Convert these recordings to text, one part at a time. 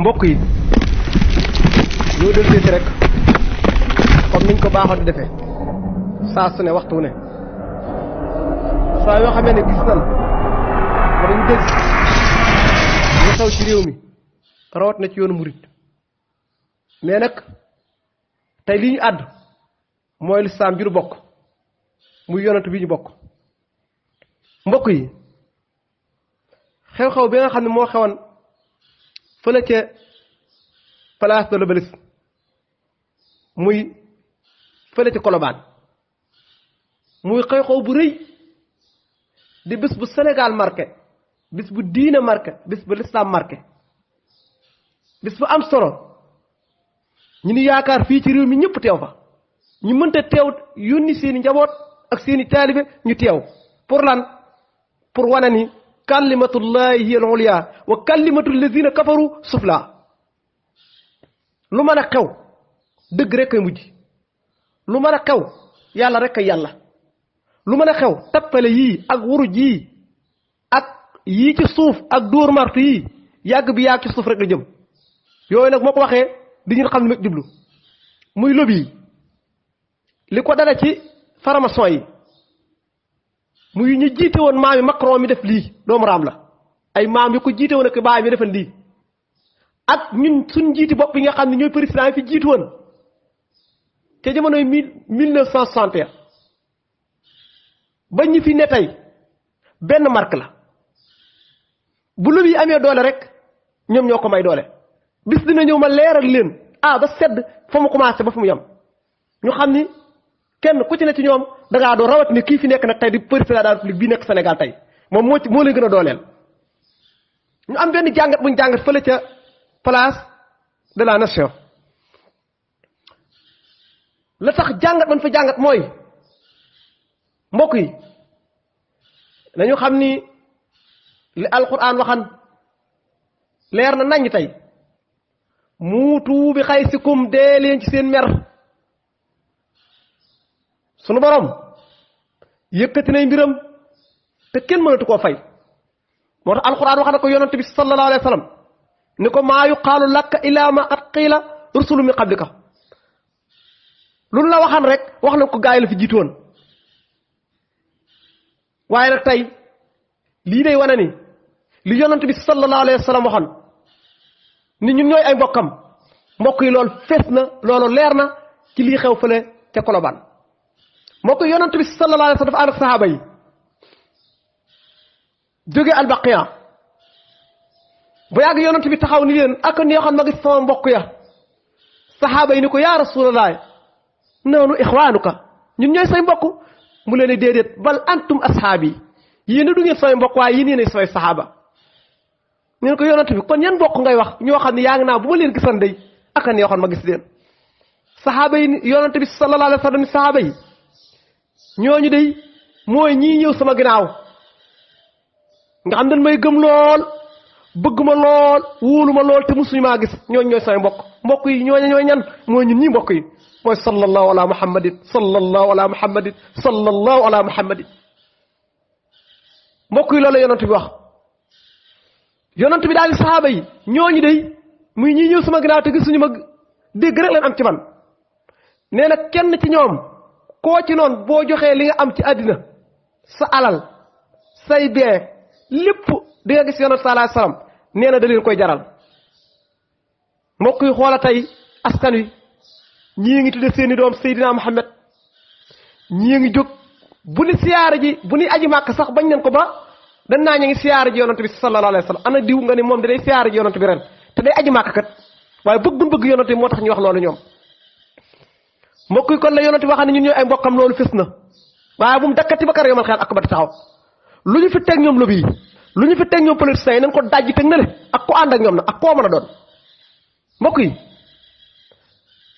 mbokk yi ñoo del si rek comme niñ ko baaxoo di defee saa ne waxtu ne saa yoo xamee ne gis nan ma dañu xew ci réew mi rawat na ci yoonu murit mais nag tey li ñu àdd mooy lislaam ju ñu bokk muy yonent bi ñu bokk mbokk yi xew-xew bi nga xam ne moo xewoon fële ca place de l'Obélisque muy fële ca Colobane muy xew-xew bu rëy di bis bu Sénégal marqué bis bu diine marqué bis bu l'islam marqué bis bu am solo ñu ni yaakaar fii ci réew mi ñëpp teew fa ñu mënta teew yónni seeni njaboot ak seeni taalibe ñu teew pour lan pour wane kalimatullahi hiya al-ulya wa kalimatu allazina kafaru sufla lu mën a xew dëgg rek kay mujj lu mën a xew yàlla rek kay yàlla lu mën a xew tappale yii ak wuruj yii ak yii ci suuf ak dóor martu yii yàgg bi yàgg ci suuf rek la jëm yooyu nag moo ko waxee di ñu xam ne ma jublu muy lobi li ko dala ci faramason yi muy ñu jiite woon maam yi Macron mi def lii doomu raam la ay maam yi ko jiite woon ak baay bi defal lii ak ñun suñ jiiti bopp yi nga xam ne ñooy président yi fi jiitu woon te jamonoy mille mille neuf cent soixante et ba ñu fi ne tey benn marque la bu lu yi amee doole rek ñoom ñoo ko may doole bis dina ñëw ma leeral leen ah ba sedd fa mu commencé ba fu mu yem ñu xam ni kenn ku ci ne ci ñoom da ngaa rawat ne kii fi nekk nag tey di président de la république bii nekk Sénégal tey moom moo ci moo lay gën dooleel ñu am benn jàngat buñ ñu jàngat fële ca place de la nation la tax jàngat man fa jàngat mooy mbokk yi nañu xam ni li alquran waxan leer na naññ tey muutu bi xay sikum dee leen ci seen mer sunu borom yëkkati nay mbiram te kenn mënatu koo fay moo tax alquran wax na ko yonante bi sallallahu alayhi wa ni ko maa yuqaalu lakk illa ma at qiila rusulu min qablika lu la waxan rek wax na ko gaa yi la fi jiitu woon waaye nag tey lii de wane ni li yonante bi sallallahu alayhi wa sallam waxoon ni ñun ñooy ay mbokkam mbokk yi loolu fees na loolu leer na ci lii xew fële ca Colobane moo ko yonent bi sallallahu alayhi wa sallam ak saxaaba yi jóge albaqiya bu yàgg yonent bi taxaw ni leen ak neexoon ma gis sama mbokk ya saxaaba yi ni ko yaa rasulallah noonu ixwaanuka ñun ñooy say mbokk mu leen di déedéet bal antum asxaab yi yéen du ngeen samay mbokk waaye yéen yéenay samay saxaaba neen ko yonent bi kon yan mbokk ngay wax ñoo xam ne yaa ngi naa bu ma leen gisan day ak neexoon ma gis leen saxaaba yi yonent bi sallallahu alayhi saxaaba yi ñooñu day mooy ñii ñëw sama ginnaaw nga xam dañ may gëm lool bëgg ma lool wóolu ma lool te suñu maa gis ñooñu ñooy samay mbokk mbokk yi ñooñu ñooy ñan mooy ñun ñii mbokk yi mooy sallallahu ala muhammadin sallallahu ala muhammadin sallallahu ala muhammadin mbokk yi loolu la yonent bi wax yonent bi daal di yi ñooñu day muy ñii ñëw sama ginnaaw te gisuñu ma dégg rek leen am ci man nee na kenn ci ñoom koo ci noon boo joxee li nga am ci àddina sa alal say bien lépp di nga gis yonent sallallaahu alayhi wa sallam nee na da leen koy jaral mbokk yi xoola tey askan wi ñu ngi tudde seeni doom Seydina Muhammad ñii ngi jóg bu ni siyaara ji bu ni aji màkk sax bañ nañ ko ba dañ naa ñu ngi siyaara ji yonent bi sallallaahu alayhi wa sallam ana diw nga ni moom da day siyaara ji bi ren te day aji màkk kat waaye bëgg buñ bëgg yonent bi moo tax ñu wax loolu ñoom mbokk yi kon la yonent waxaan ne ñun ñooy ay mbokkam loolu fis na waaye bu mu dakkati ba kar yomal xel ak ba taxaw lu ñu fi teg ñoom lobby yi lu ñu fi teg ñoom politiciens yi nañ ko dajji teg na le ak ko ànd ak ñoom na ak koo mën a doon mbokk yi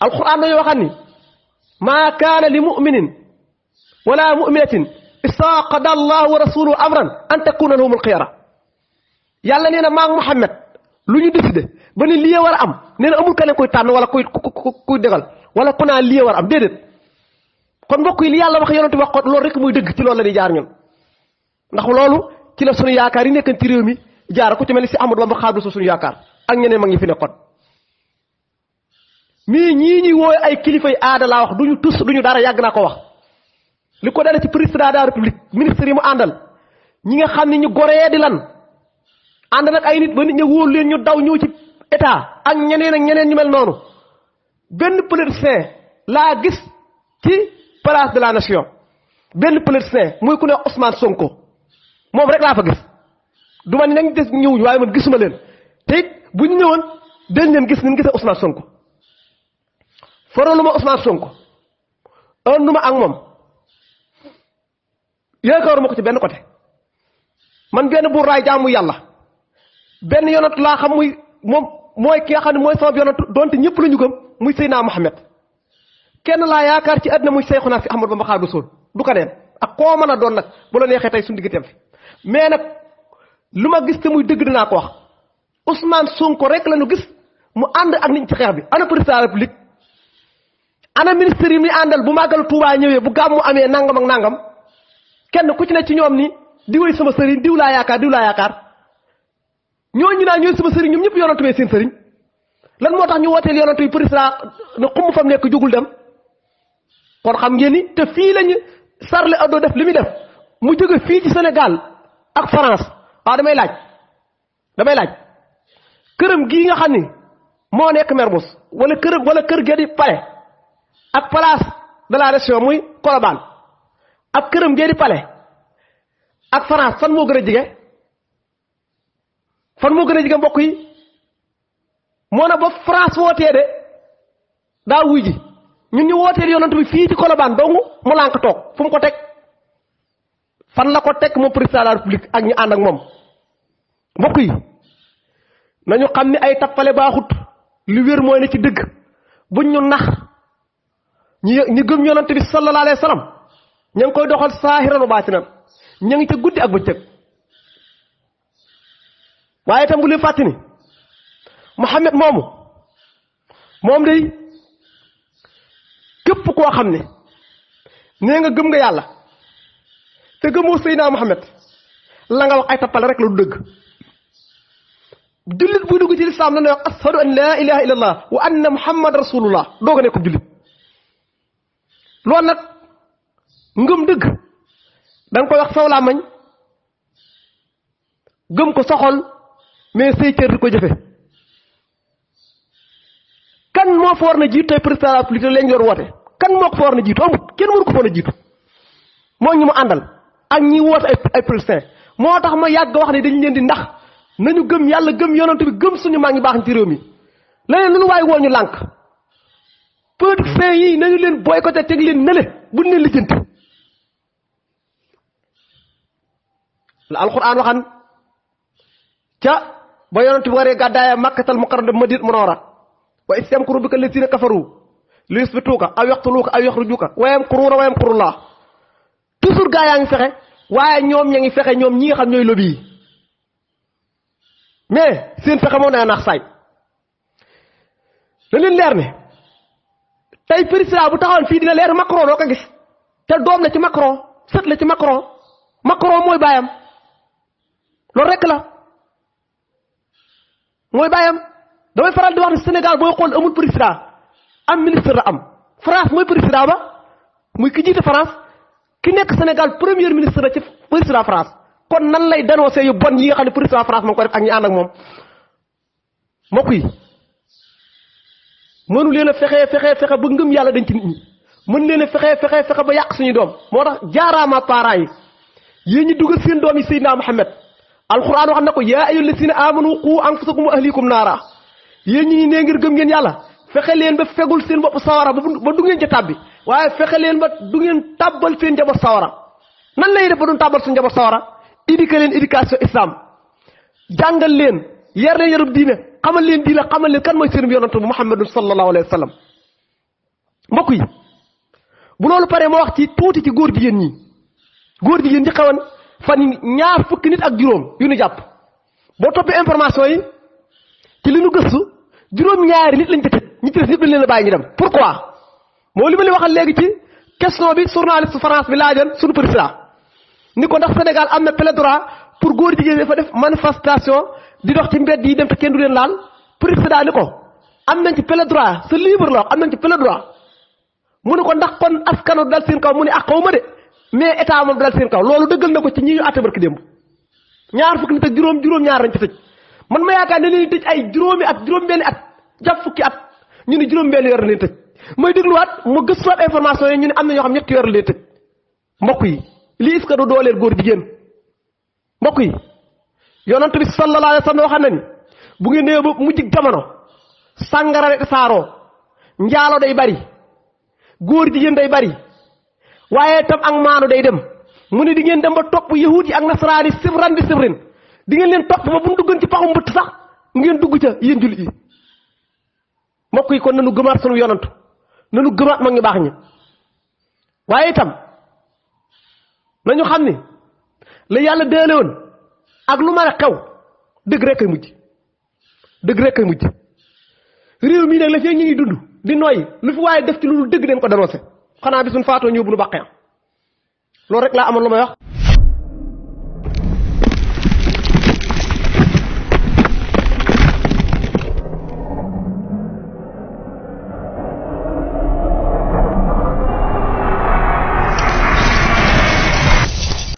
alquran dañoo waxaan ni maa kaana li muminin wala muminatin isaa qada allahu wa rasuluhu amran an takuna lahumul xiyara yàlla nee na maa ngi Muhammad lu ñu décidé ba ni lii war a am nee na amul keneen koy tànn wala kuy kuy wala ku naa lii war am déedéet kon mbokk yi li yàlla wax yonent wax ko loolu rek muy dëgg ci loolu la di jaar ñun ndax loolu ci la suñu yaakaar yi nekkan ci réew mi jaar ku ci mel si Amadou Bamba xaadul sa suñu yaakaar ak ñeneen mag ñi fi nekkoon mii ñii ñuy wooy ay kilifa yi aada laa wax duñu tus duñu dara yàgg naa ko wax li ko dale ci président de la ministre yi mu àndal ñi nga xam ne ñu goree di lan ànd nag ay nit ba nit ña wóolu leen ñu daw ñëw ci état ak ñeneen ak ñeneen ñu mel noonu benn politicien laa gis ci place de la nation benn politicien muy ku ne Ousmane Sonko moom rek laa fa gis du ma ne nañ des ñëwuñu waaye man gisuma leen te bu ñu ñëwoon dañ leen gis ni ñu gisee Ousmane Sonko foroluma Ousmane Sonko ënduma ak moom yaakaaruma ko ci benn côté man benn buur laay jaamu yàlla benn yonent laa xam muy moom. mooy ki xam ne mooy sama yonantu donte ñëpp la ñu gëm muy Seydina Muhammad kenn laa yaakaar ci àddina muy Seyxuna fi Ahmadu ma Xaadimu soon du ko neen ak koo mën a doon nag bu la neexee tey suñu digganteem fi mais nag lu ma gis te muy dëgg danaa ko wax Ousmane Sonko rek lañu ñu gis mu ànd ak nit ci xeex bi ana président de la République ana ministre yi muy àndal bu màggal Tuubaa ñëwee bu gàmmu amee nangam ak nangam kenn ku ci ne ci ñoom ni diwéy sama sëriñ diw laa yaakaar diw laa yaakaar ñooñu naan ñooy sama sëriñ ñoom ñëpp yonantu bee seen sëriñ lan moo tax ñu wooteel yonantu yi président ne xumm fam nekk jugul dem kon xam ngeen ni te fii lañu Charlie Hebdo def li muy def mu jóge fii ci Sénégal ak France waaw ah, damay laaj damay laaj këram gii nga xam ni moo nekk Mermoz wala kër wala kër gee di Palais ak place de la Nation muy Colobane ak këram gee di pale ak France fan moo gën a jege fan moo gën a jege mbokk yi moo na ba France wootee de daa wuy ji ñun ñu wootee yonent bi fii ci Colobane dong mu lànk toog fu ko teg fan la ko teg moom président république ak ñu ànd ak moom mbokk yi nañu xam ne ay tappale baaxut lu wér mooy ne ci dëgg buñ ñu nax ñu ñu gëm yonent bi sallallahu alayhi wa sallam ngi koy doxal saahiran wa baatinan ña ngi ci guddi ak bëccëg waaye itam bu leen fàtte ni moomu moom day képp koo xam ne nee nga gëm nga yàlla te gëmoo Seydina Muhammad la nga wax ay tappale rek la du dëgg jullit buy dugg ci lislaam dana wax ashadu an laa ilaha illa allah wa anna muhammad rasulullah doog a nekkub jullit loolu nag ngëm dëgg da koy wax saw làmmañ gëm ko soxol mais say cër di ko jëfe kan moo fa war na jiitu tey président de la République woote kan moo fa war na jiitu amut kenn mënu ko fa war na jiitu moo ñu mu àndal ak ñi woote ay ay moo tax ma yàgg wax ne dañ leen di ndax nañu gëm yàlla gëm yonent bi gëm suñu maa ngi baax ci réew mi leneen lu ñu waaye woo ñu lànk politiciens yi nañu leen boycotté teg leen nële buñ leen lijjanti la alxuraan waxan ca ba yonent bi waree gàddaaya makkatal mukarram madinat munawwara wa iz yamkuru bika llaziina kafaru li yusbituuka aw yaqtuluuka aw yaxrijuuka wa yamkuruuna wa yamkuru llaah toujours gaa yaa ngi fexe waaye ñoom ña ngi fexe ñoom ñi nga xam ñooy lobby yi mais seen fexe moom dana naax saay leen leer ne tey président bu taxawoon fii dina leer Macron doo ko gis te doom la ci Macron sët la ci Macron Macron mooy baayam loolu rek la mooy bàyyam damay faral di wax ne Sénégal booy xool amul président am ministre la am France mooy président ba muy ki jiite France ki nekk Sénégal premier ministre la ci président France kon nan lay dénoncé yu bon yi nga xam ne président France moo ko def ak ñi ànd ak moom mbokk yi mënu leen a fexe fexe fexe ba ngëm yàlla dañ ci nit ñi mën leen a fexe fexe fexe ba yàq suñu doom moo tax jaaraama parents yi yéen ñi dugal seen doom yi Seydina Mohamed alxuraan wax na ko yaa ayu lasina amanu qu anfusakum wa ahlikum naara yéen ñi ne ngir gëm ngeen yàlla fexe leen ba fegul seen bopp sawara ba du ngeen ca tàbbi waaye fexe leen ba du ngeen tàbbal seen njaboot sawara nan lay def ba duñ tàbbal seen njaboot sawara éduquer leen éducation islam jàngal leen yar leen yarub diine xamal leen diine xamal leen kan mooy seen yonante bu muhammadun sallallahu alayhi wa sallam mbokk yi bu loolu paree ma wax ci tuuti ci góor jigéen ñi góor jigéen ñi fan ñaar fukki nit ak juróom yu ñu jàpp boo toppee information yi ci li ñu gëstu juróom-ñaari nit lañ ca tëj ñi ci des ñëpp dañ leen a bàyyi ñu moo li ma leen waxal léegi ci question bi journaliste France bi laajoon suñu président ni ko ndax Sénégal am na plaidoyer pour góor jigéen dafa def manifestation di dox ci mbedd yi dem te kenn du leen laal président ni ko am nañ ci plaidoyer sa livre la wax am nañ ci plaidoyer mu ne ko ndax kon askanu dal seen kaw mais état moom dal seen kaw loolu dëggal na ko ci ñi ñu àtte barki démb ñaar fukki nit ak juróom juróom ñaar lañ ci tëj man ma yaakaar ne leen tëj ay juróomi at juróom benni at jàpp fukki at ñu ne juróom benni weer leen tëj mooy dégluwaat mu gëstuwaat information yi ñu ni am na ñoo xam ñetti weer leen tëj mbokk yi lii est du dooleel góor jigéen mbokk yi yonent bi sallallahu alayhi wa sallam waxoon bu ngeen nee ba mujj jamono sàngara rek saaroo njaalo day bari góor jigéen day bari waaye tam ak maanu day dem mu ne di ngeen dem ba topp yahuud yi ak nasaraan yi sibran di sibrin di ngeen leen topp ba bu ñu duggoon ci paxu mbëtt sax ngeen dugg ca yéen jullit yi mbokk yi kon nanu gëmaat sunu yonantu nanu gëmaat mag ñu baax ñi waaye itam nañu xam ni la yàlla déele woon ak lu mën a xew dëgg rek kay mujj dëgg rek kay mujj réew mii nag la fee ñu ngi dund di nooy lu fi waaye def ci lu dul dëgg den ko dénoncé xanaa bisuñ faatoo ñëw bu nu baqee loolu rek laa amoon lu may wax.